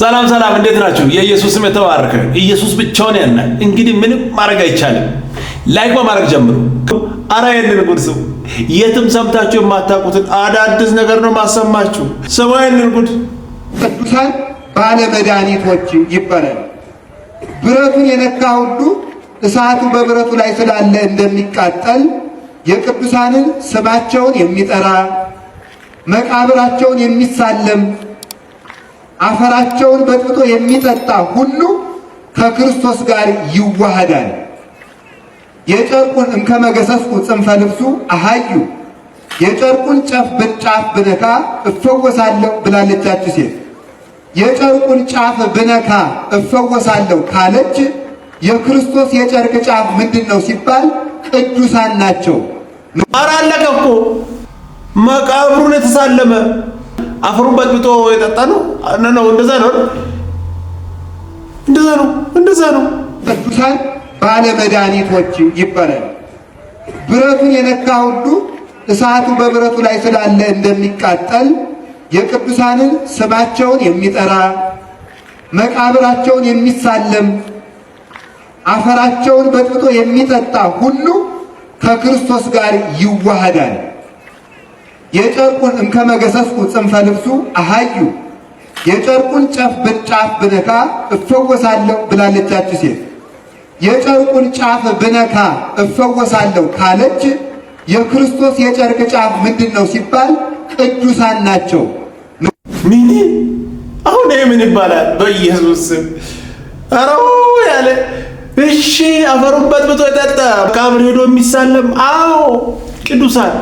ሰላም ሰላም፣ እንዴት ናችሁ? የኢየሱስ ስም የተባረከ። ኢየሱስ ብቻውን ያና እንግዲህ ምንም ማድረግ አይቻልም። ላይክ በማድረግ ጀምሩ። አራ የንን ስሙ። የትም ሰምታችሁ የማታውቁትን አዳዲስ ነገር ነው ማሰማችሁ። ስሙ የንን ጉድ። ቅዱሳን ባለ መድኃኒቶች ይባላል። ብረቱን የነካ ሁሉ እሳቱ በብረቱ ላይ ስላለ እንደሚቃጠል የቅዱሳንን ስማቸውን የሚጠራ መቃብራቸውን የሚሳለም አፈራቸውን በጥብጦ የሚጠጣ ሁሉ ከክርስቶስ ጋር ይዋሃዳል። የጨርቁን እንከመገሰስኩ ጽንፈ ልብሱ አሃዩ የጨርቁን ጫፍ በጫፍ ብነካ እፈወሳለሁ ብላለቻችሁ ሴት የጨርቁን ጫፍ ብነካ እፈወሳለሁ ካለች የክርስቶስ የጨርቅ ጫፍ ምንድን ነው ሲባል ቅዱሳን ናቸው። ማራ አለቀ እኮ መቃብሩን የተሳለመ አፈሩን በጥብጦ የጠጣ ነው ነው። እንደዛ ነው፣ እንደዛ ነው፣ እንደዛ ነው። ቅዱሳን ባለ መድኃኒቶች ይባላል። ብረቱን የነካ ሁሉ እሳቱ በብረቱ ላይ ስላለ እንደሚቃጠል የቅዱሳንን ስማቸውን የሚጠራ መቃብራቸውን የሚሳለም አፈራቸውን በጥብጦ የሚጠጣ ሁሉ ከክርስቶስ ጋር ይዋሃዳል። የጨርቁን እንከመገሰስኩ ጽንፈ ልብሱ አሃዩ የጨርቁን ጫፍ በጫፍ ብነካ እፈወሳለሁ ብላለቻችሁ ሴት የጨርቁን ጫፍ ብነካ እፈወሳለሁ ካለች የክርስቶስ የጨርቅ ጫፍ ምንድን ነው ሲባል ቅዱሳን ናቸው። ምን አሁን ይሄ ምን ይባላል? በኢየሱስ አረው ያለ እሺ፣ አፈሩበት ብቶ የጠጣ መቃብር ሄዶ የሚሳለም አዎ ቅዱሳን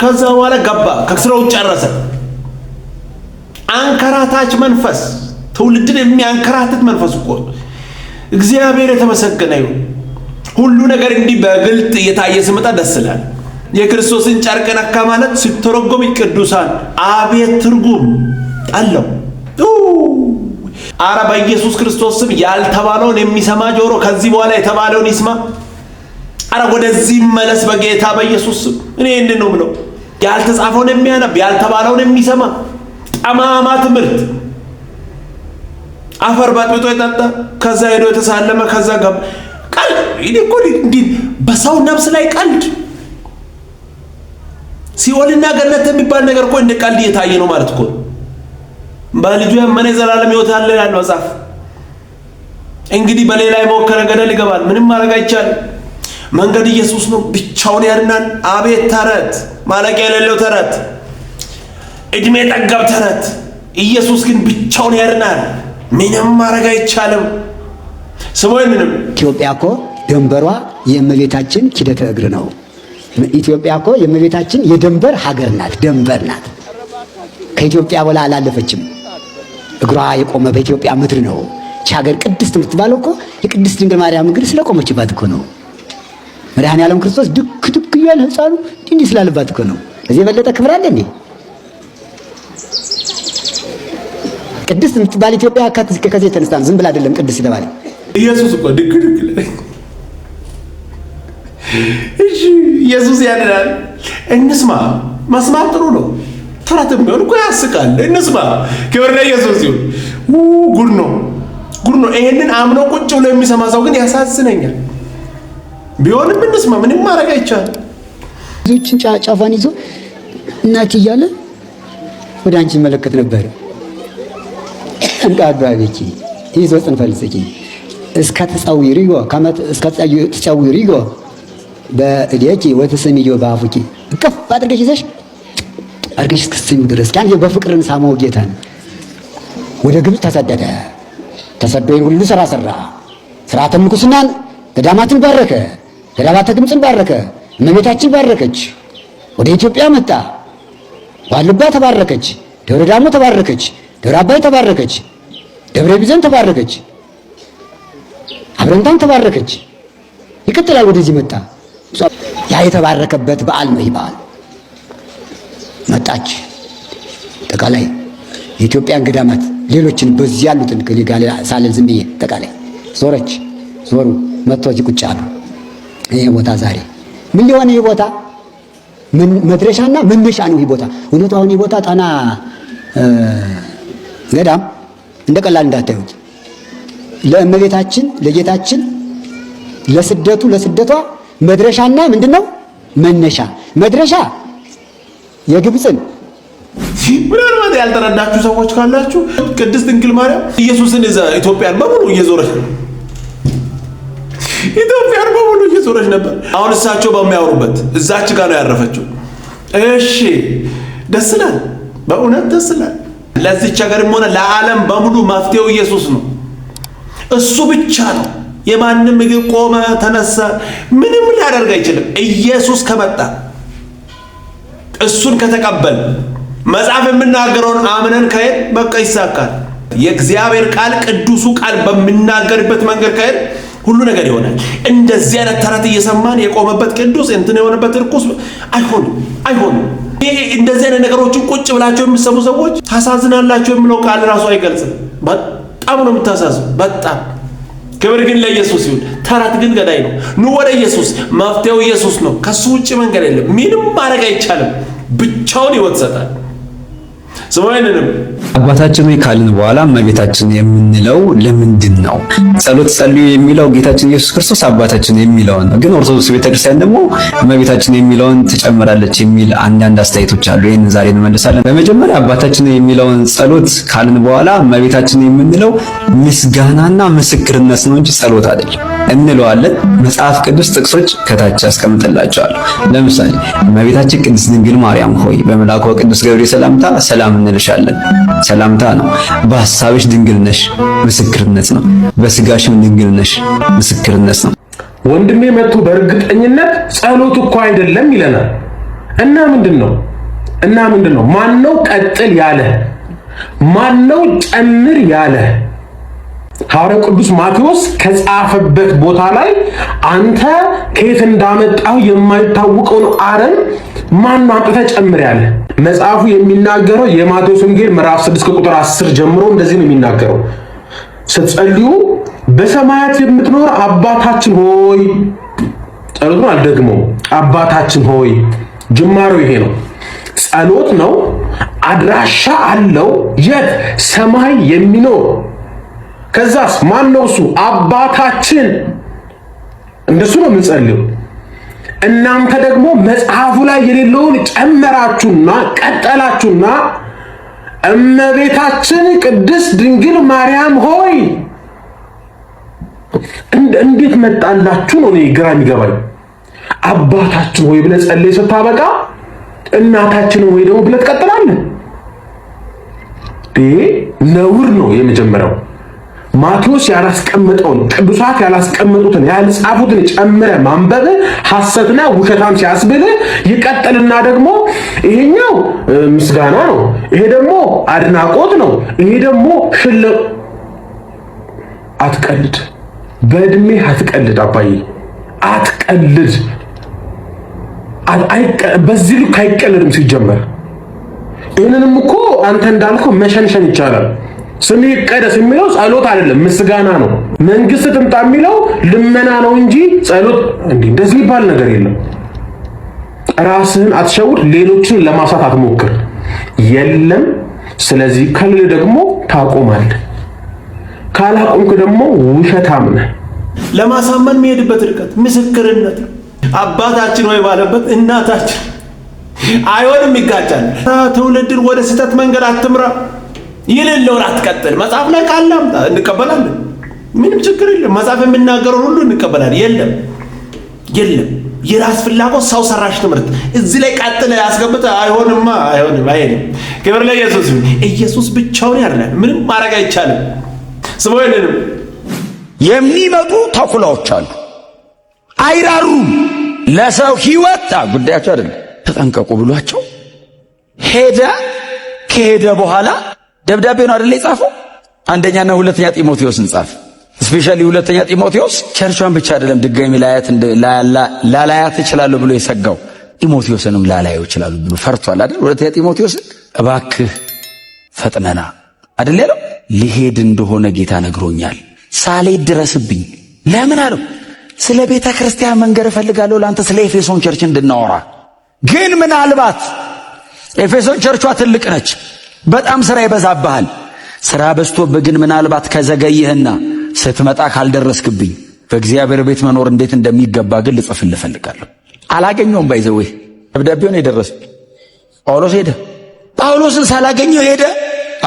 ከዛ በኋላ ገባ፣ ከስራው ጨረሰ። አንከራታች መንፈስ፣ ትውልድን የሚያንከራትት መንፈስ እኮ እግዚአብሔር የተመሰገነ ይሁን። ሁሉ ነገር እንዲህ በግልጥ እየታየ ስመጣ ደስ ይላል። የክርስቶስን ጨርቅ ነካ ማለት ሲተረጎም ቅዱሳን አቤት ትርጉም አለው። አረ በኢየሱስ ክርስቶስ ስም ያልተባለውን የሚሰማ ጆሮ ከዚህ በኋላ የተባለውን ይስማ። አረ ወደዚህ መለስ በጌታ በኢየሱስ ስም እኔ እንድን ነው ብለው ያልተጻፈውን የሚያነብ ያልተባለውን የሚሰማ ጠማማ ትምህርት አፈር በጥብጦ የጠጣ ከዛ ሄዶ የተሳለመ ከዛ ገብ ቀልድ ይልኩ እንዲህ በሰው ነፍስ ላይ ቀልድ ሲኦልና ገነት የሚባል ነገር እኮ እንደ ቀልድ እየታየ ነው ማለት እኮ በልጁ ያመነ የዘላለም ሕይወት አለ ያለ መጽሐፍ። እንግዲህ በሌላ የመወከረ ገደል ይገባል። ምንም ማድረግ አይቻልም። መንገድ ኢየሱስ ነው፣ ብቻውን ያድናል። አቤት ተረት ማለቂያ የሌለው ተረት፣ እድሜ ጠገብ ተረት። ኢየሱስ ግን ብቻውን ያድናል። ምንም ማድረግ አይቻልም። ምንም ኢትዮጵያ እኮ ድንበሯ የእመቤታችን ኪደተ እግር ነው። ኢትዮጵያ እኮ የእመቤታችን የድንበር ሀገር ናት፣ ድንበር ናት። ከኢትዮጵያ በላ አላለፈችም። እግሯ የቆመ በኢትዮጵያ ምድር ነው። ቻገር ሀገር ቅድስት የምትባለው እኮ የቅድስት ድንግል ማርያም እግር ስለቆመችባት እኮ ነው። መድኃኔ ዓለም ክርስቶስ ድክ ድክ እያለ ህፃኑ እንዲህ ስላለባት እኮ ነው። እዚህ የበለጠ ክብር አለ እንዴ? ቅድስት የምትባል ኢትዮጵያ ከዚህ የተነሳ ነው። ዝም ብላ አይደለም ቅድስት የተባለ ኢየሱስ እኮ ድክ ድክ እሺ፣ ኢየሱስ ያድናል። እንስማ። መስማት ጥሩ ነው። ተረትም ቢሆን እኮ ያስቃል። እንስማ። ክብር ለኢየሱስ ይሁን። ጉድ ነው፣ ጉድ ነው። ይሄንን አምኖ ቁጭ ብሎ የሚሰማ ሰው ግን ያሳዝነኛል። ቢሆንም እንስማ፣ ምንም ማድረግ አይቻልም። ዞችን ጫፋን ይዞ እናት እያለ ወደ አንቺ መለከት ነበር። እንቃዱ አባቤቺ ይዞ ጽንፈልጽቂ እስከ ተጻዊሪ ይጎ ካመት እስከ ተጻዊሪ ይጎ በእዲያቺ ወተሰሚ ይጎ ባፉቺ እቅፍ አድርገሽ ይዘሽ አድርገሽ እስክትስሚው ድረስ ያን በፍቅርን ሳሞ ጌታ ወደ ግብፅ ተሰደደ። ተሰዶ ሁሉ ስራ ሰራ። ስርዓተ ምንኩስናን ገዳማትን ባረከ። ገዳማተ ግምፅን ባረከ። እመቤታችን ባረከች። ወደ ኢትዮጵያ መጣ። ዋልባ ተባረከች። ደብረ ዳሞ ተባረከች። ደብረ አባይ ተባረከች። ደብረ ቢዘን ተባረከች። አብረንታን ተባረከች። ይቀጥላል። ወደዚህ መጣ። ያ የተባረከበት በዓል ነው። ይህ በዓል መጣች። አጠቃላይ የኢትዮጵያን ገዳማት ሌሎችን በዚህ ያሉትን ሳልል ዝም ብዬ አጠቃላይ ዞረች። ዞሩ መጥቶ እዚህ ቁጭ አሉ። ይሄ ቦታ ዛሬ ምን ሊሆን ይሄ ቦታ መድረሻና መነሻ ነው። ይሄ ቦታ እውነቱ አሁን ይሄ ቦታ ጣና ገዳም እንደ ቀላል እንዳታዩት። ለእመቤታችን ለጌታችን ለስደቱ ለስደቷ መድረሻና ምንድን ነው መነሻ መድረሻ የግብፅን ምናልባት ያልተረዳችሁ ሰዎች ካላችሁ ቅድስት ድንግል ማርያም ኢየሱስን ኢትዮጵያን በሙሉ እየዞረች ኢትዮጵያን በሙሉ እየዞረች ነበር። አሁን እሳቸው በሚያወሩበት እዛች ጋር ነው ያረፈችው። እሺ ደስ ይላል፣ በእውነት ደስ ይላል። ለዚች ሀገርም ሆነ ለዓለም በሙሉ መፍትሄው ኢየሱስ ነው። እሱ ብቻ ነው። የማንም ምግብ ቆመ፣ ተነሳ፣ ምንም ሊያደርግ አይችልም። ኢየሱስ ከመጣ እሱን ከተቀበል መጽሐፍ የምናገረውን አምነን ከሄድ በቃ ይሳካል። የእግዚአብሔር ቃል ቅዱሱ ቃል በምናገርበት መንገድ ከሄድ ሁሉ ነገር ይሆናል። እንደዚህ አይነት ተረት እየሰማን የቆመበት ቅዱስ እንትን የሆነበት እርኩስ አይሆንም፣ አይሆንም። እንደዚህ አይነት ነገሮችን ቁጭ ብላቸው የሚሰሙ ሰዎች ታሳዝናላቸው የሚለው ቃል ራሱ አይገልጽም። በጣም ነው የምታሳዝ በጣም ክብር ግን ለኢየሱስ ይሁን። ተረት ግን ገዳይ ነው። ኑ ወደ ኢየሱስ። መፍትሄው ኢየሱስ ነው። ከሱ ውጭ መንገድ የለም። ምንም ማድረግ አይቻልም። ብቻውን ይወት ይሰጣል። ስማይንንም አባታችን ወይ ካልን በኋላ እመቤታችን የምንለው ለምንድን ነው? ጸሎት ጸልዩ የሚለው ጌታችን ኢየሱስ ክርስቶስ አባታችን የሚለውን ግን ኦርቶዶክስ ቤተክርስቲያን ደግሞ እመቤታችን የሚለውን ትጨምራለች የሚል አንዳንድ አስተያየቶች አሉ። ይህንን ዛሬ እንመልሳለን። በመጀመሪያ አባታችን የሚለውን ጸሎት ካልን በኋላ እመቤታችን የምንለው ምስጋናና ምስክርነት ነው እንጂ ጸሎት አይደለም። እንለዋለን። መጽሐፍ ቅዱስ ጥቅሶች ከታች ያስቀምጥላቸዋለሁ። ለምሳሌ እመቤታችን ቅድስት ድንግል ማርያም ሆይ በመልአኩ ቅዱስ ገብርኤል ሰላምታ ሰላም እንልሻለን። ሰላምታ ነው። በሐሳብሽ ድንግል ነሽ፣ ምስክርነት ነው። በስጋሽም ድንግል ነሽ፣ ምስክርነት ነው። ወንድሜ መጥቶ በእርግጠኝነት ጸሎት እኮ አይደለም ይለናል። እና ምንድን ነው እና ምንድን ነው ማን ነው ቀጥል ያለ ማን ነው ጨምር ያለ ሐዋርያ ቅዱስ ማቴዎስ ከጻፈበት ቦታ ላይ አንተ ከየት እንዳመጣው የማይታወቀውን አረም ማን ጨምር ያለ መጽሐፉ የሚናገረው የማቴዎስ ወንጌል ምዕራፍ 6 ቁጥር 10 ጀምሮ እንደዚህ ነው የሚናገረው ስትጸልዩ በሰማያት የምትኖር አባታችን ሆይ ጸሎቱን አልደግመው። አባታችን ሆይ ጅማሮ ይሄ ነው። ጸሎት ነው። አድራሻ አለው። የት? ሰማይ የሚኖር ከዛስ ማን ነው እሱ? አባታችን። እንደሱ ነው የምንጸልየው። እናንተ ደግሞ መጽሐፉ ላይ የሌለውን ጨመራችሁና ቀጠላችሁና እመቤታችን ቅድስት ድንግል ማርያም ሆይ እንዴት መጣላችሁ ነው እኔ ግራ የሚገባኝ። አባታችን ሆይ ብለህ ጸልይ ስታበቃ እናታችን ወይ ደግሞ ብለህ ትቀጥላለህ። ነውር ነው የመጀመሪያው። ማቴዎስ ያላስቀመጠውን ቅዱሳት ያላስቀመጡትን ያልጻፉትን ጨምረ ማንበብ ሐሰትና ውሸታም ሲያስብል ይቀጥልና ደግሞ ይሄኛው ምስጋና ነው፣ ይሄ ደግሞ አድናቆት ነው፣ ይሄ ደግሞ ሽል አትቀልድ፣ በእድሜ አትቀልድ፣ አባዬ አትቀልድ። በዚህ ልክ አይቀልድም ሲጀመር። ይህንንም እኮ አንተ እንዳልከው መሸንሸን ይቻላል። ስሜ ይቀደስ የሚለው ጸሎት አይደለም፣ ምስጋና ነው። መንግስት ትምጣ የሚለው ልመና ነው እንጂ ጸሎት እንዴ እንደዚህ ይባል ነገር የለም። ራስህን አትሸውድ፣ ሌሎችን ለማሳት አትሞክር። የለም ስለዚህ ከልል ደግሞ ታቆማል ካላቆምክ ደግሞ ውሸታም ነህ። ለማሳመን የሚሄድበት ርቀት ምስክርነት አባታችን ወይ ባለበት እናታችን አይሆንም፣ ይጋጫል። ትውልድን ወደ ስህተት መንገድ አትምራ። የሌለውን አትቀጥል። መጽሐፍ ላይ ቃል እንቀበላለን። ምንም ችግር የለም። መጽሐፍ የሚናገረውን ሁሉ እንቀበላለን። የለም የለም የራስ ፍላጎት ሰው ሰራሽ ትምህርት እዚህ ላይ ቀጥለ ያስገብተ አይሆንማ፣ አይሆንም፣ አይሄድም። ክብር ለኢየሱስ ኢየሱስ ብቻውን ያድናል። ምንም ማድረግ አይቻልም። ስሞ የሚመጡ ተኩላዎች አሉ፣ አይራሩም። ለሰው ህይወት ጉዳያቸው አይደለም። ተጠንቀቁ ብሏቸው ሄደ። ከሄደ በኋላ ደብዳቤ ነው አይደለ የጻፈው። አንደኛና ሁለተኛ ጢሞቴዎስን ጻፈ። ስፔሻሊ ሁለተኛ ጢሞቴዎስ ቸርቿን ብቻ አይደለም ድጋሚ ላላያት እችላለሁ ብሎ የሰጋው ጢሞቴዎስንም ላላየው እችላለሁ ብሎ ፈርቷል አይደል። ሁለተኛ ጢሞቴዎስን እባክህ ፈጥነና አይደል ያለው። ሊሄድ እንደሆነ ጌታ ነግሮኛል፣ ሳሌ ድረስብኝ። ለምን አለው? ስለ ቤተ ክርስቲያን መንገር እፈልጋለሁ ለአንተ ስለ ኤፌሶን ቸርች እንድናወራ። ግን ምናልባት ኤፌሶን ቸርቿ ትልቅ ነች በጣም ስራ ይበዛብሃል። ስራ በዝቶብህ ግን ምናልባት ከዘገይህና ስትመጣ ካልደረስክብኝ በእግዚአብሔር ቤት መኖር እንዴት እንደሚገባ ግን ልጽፍልህ እፈልጋለሁ። አላገኘውም። ባይዘዌ ደብዳቤውን የደረሰ ጳውሎስ ሄደ። ጳውሎስን ሳላገኘው ሄደ።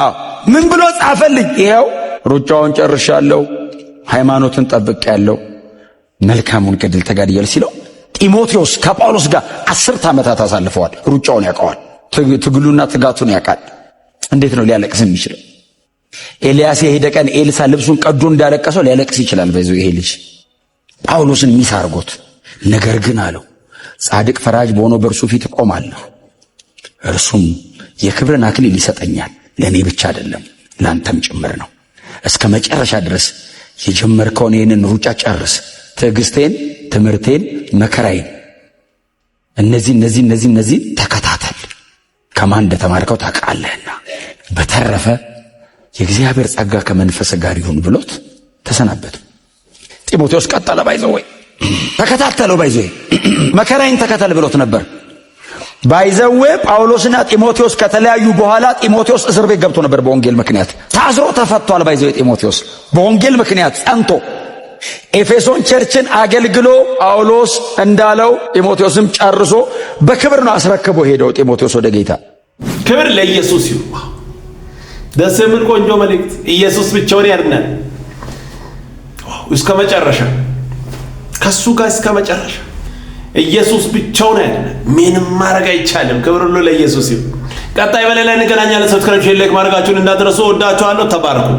አዎ ምን ብሎ ጻፈልኝ? ይኸው ሩጫውን ጨርሻለሁ፣ ሃይማኖትን ጠብቄያለሁ፣ መልካሙን ገድል ተጋድያለሁ ሲለው ጢሞቴዎስ ከጳውሎስ ጋር አስርት ዓመታት አሳልፈዋል። ሩጫውን ያውቀዋል። ትግሉና ትጋቱን ያውቃል። እንዴት ነው ሊያለቅስ የሚችለው? ኤልያስ የሄደ ቀን ኤልሳ ልብሱን ቀዶ እንዳለቀሰው ሊያለቅስ ይችላል። በዚ ይሄ ልጅ ጳውሎስን ሚስ አርጎት፣ ነገር ግን አለው ጻድቅ ፈራጅ በሆኖ በእርሱ ፊት እቆማለሁ፣ እርሱም የክብርን አክሊል ይሰጠኛል። ለእኔ ብቻ አይደለም ለአንተም ጭምር ነው። እስከ መጨረሻ ድረስ የጀመርከውን ይህንን ሩጫ ጨርስ። ትዕግስቴን፣ ትምህርቴን፣ መከራዬን እነዚህ እነዚህ እነዚህ እነዚህ ተከታተል። ከማን እንደተማርከው ታውቃለህና በተረፈ የእግዚአብሔር ጸጋ ከመንፈስ ጋር ይሁን ብሎት ተሰናበቱ። ጢሞቴዎስ ቀጠለ። ባይዞ ወይ ተከታተለው። ባይዞ መከራይን ተከተል ብሎት ነበር። ባይዘዌ ጳውሎስና ጢሞቴዎስ ከተለያዩ በኋላ ጢሞቴዎስ እስር ቤት ገብቶ ነበር በወንጌል ምክንያት ታስሮ ተፈቷል። ባይዘዌ ጢሞቴዎስ በወንጌል ምክንያት ጸንቶ ኤፌሶን ቸርችን አገልግሎ ጳውሎስ እንዳለው ጢሞቴዎስም ጨርሶ በክብር ነው አስረክቦ ሄደው ጢሞቴዎስ ወደ ጌታ ክብር ለኢየሱስ ይሁን። ደስ የሚል ቆንጆ መልእክት። ኢየሱስ ብቻውን ያድናል። እስከ መጨረሻ ከሱ ጋር እስከ መጨረሻ ኢየሱስ ብቻውን ያድናል። ምንም ማድረግ አይቻልም። ክብር ሁሉ ለኢየሱስ ይሁን። ቀጣይ በሌላ እንገናኛለን። ሰብስክራይብ፣ ሼር፣ ላይክ ማድረጋችሁን እንዳትረሱ። ወዳችኋለሁ። ተባረኩ።